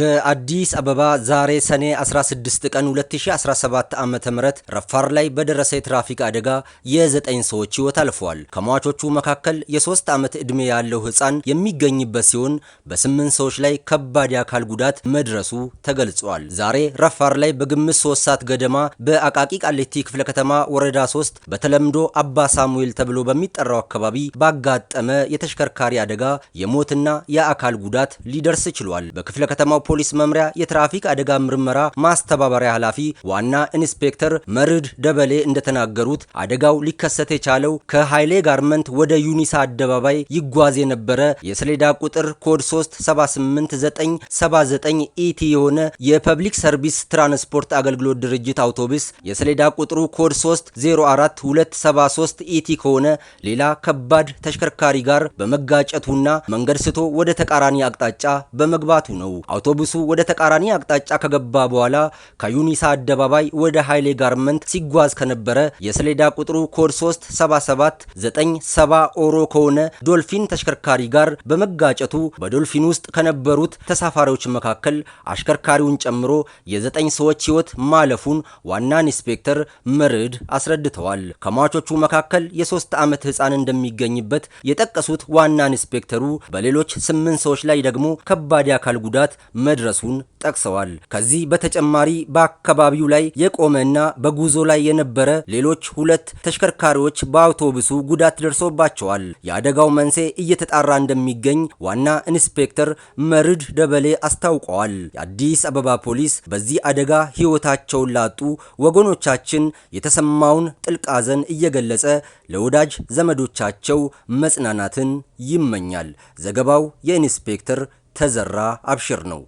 በአዲስ አበባ ዛሬ ሰኔ 16 ቀን 2017 ዓ ም ረፋር ላይ በደረሰ የትራፊክ አደጋ የዘጠኝ ሰዎች ሕይወት አልፈዋል። ከሟቾቹ መካከል የሶስት ዓመት ዕድሜ ያለው ሕፃን የሚገኝበት ሲሆን በስምንት ሰዎች ላይ ከባድ የአካል ጉዳት መድረሱ ተገልጿል። ዛሬ ረፋር ላይ በግምት ሶስት ሰዓት ገደማ በአቃቂ ቃሊቲ ክፍለ ከተማ ወረዳ 3 በተለምዶ አባ ሳሙኤል ተብሎ በሚጠራው አካባቢ ባጋጠመ የተሽከርካሪ አደጋ የሞትና የአካል ጉዳት ሊደርስ ችሏል። በክፍለ ከተማው ከተማው ፖሊስ መምሪያ የትራፊክ አደጋ ምርመራ ማስተባበሪያ ኃላፊ ዋና ኢንስፔክተር መርድ ደበሌ እንደተናገሩት አደጋው ሊከሰት የቻለው ከኃይሌ ጋርመንት ወደ ዩኒሳ አደባባይ ይጓዝ የነበረ የሰሌዳ ቁጥር ኮድ 378979 ኢቲ የሆነ የፐብሊክ ሰርቪስ ትራንስፖርት አገልግሎት ድርጅት አውቶቡስ የሰሌዳ ቁጥሩ ኮድ 304273 ኢቲ ከሆነ ሌላ ከባድ ተሽከርካሪ ጋር በመጋጨቱና መንገድ ስቶ ወደ ተቃራኒ አቅጣጫ በመግባቱ ነው። አውቶቡሱ ወደ ተቃራኒ አቅጣጫ ከገባ በኋላ ከዩኒሳ አደባባይ ወደ ኃይሌ ጋርመንት ሲጓዝ ከነበረ የሰሌዳ ቁጥሩ ኮድ 377 97 ኦሮ ከሆነ ዶልፊን ተሽከርካሪ ጋር በመጋጨቱ በዶልፊን ውስጥ ከነበሩት ተሳፋሪዎች መካከል አሽከርካሪውን ጨምሮ የዘጠኝ ሰዎች ሕይወት ማለፉን ዋና ኢንስፔክተር መርድ አስረድተዋል። ከሟቾቹ መካከል የሶስት ዓመት ሕፃን እንደሚገኝበት የጠቀሱት ዋና ኢንስፔክተሩ በሌሎች ስምንት ሰዎች ላይ ደግሞ ከባድ የአካል ጉዳት መድረሱን ጠቅሰዋል። ከዚህ በተጨማሪ በአካባቢው ላይ የቆመና በጉዞ ላይ የነበረ ሌሎች ሁለት ተሽከርካሪዎች በአውቶቡሱ ጉዳት ደርሶባቸዋል። የአደጋው መንስኤ እየተጣራ እንደሚገኝ ዋና ኢንስፔክተር መርድ ደበሌ አስታውቀዋል። የአዲስ አበባ ፖሊስ በዚህ አደጋ ሕይወታቸውን ላጡ ወገኖቻችን የተሰማውን ጥልቅ ሐዘን እየገለጸ ለወዳጅ ዘመዶቻቸው መጽናናትን ይመኛል። ዘገባው የኢንስፔክተር ተዘራ አብሽር ነው።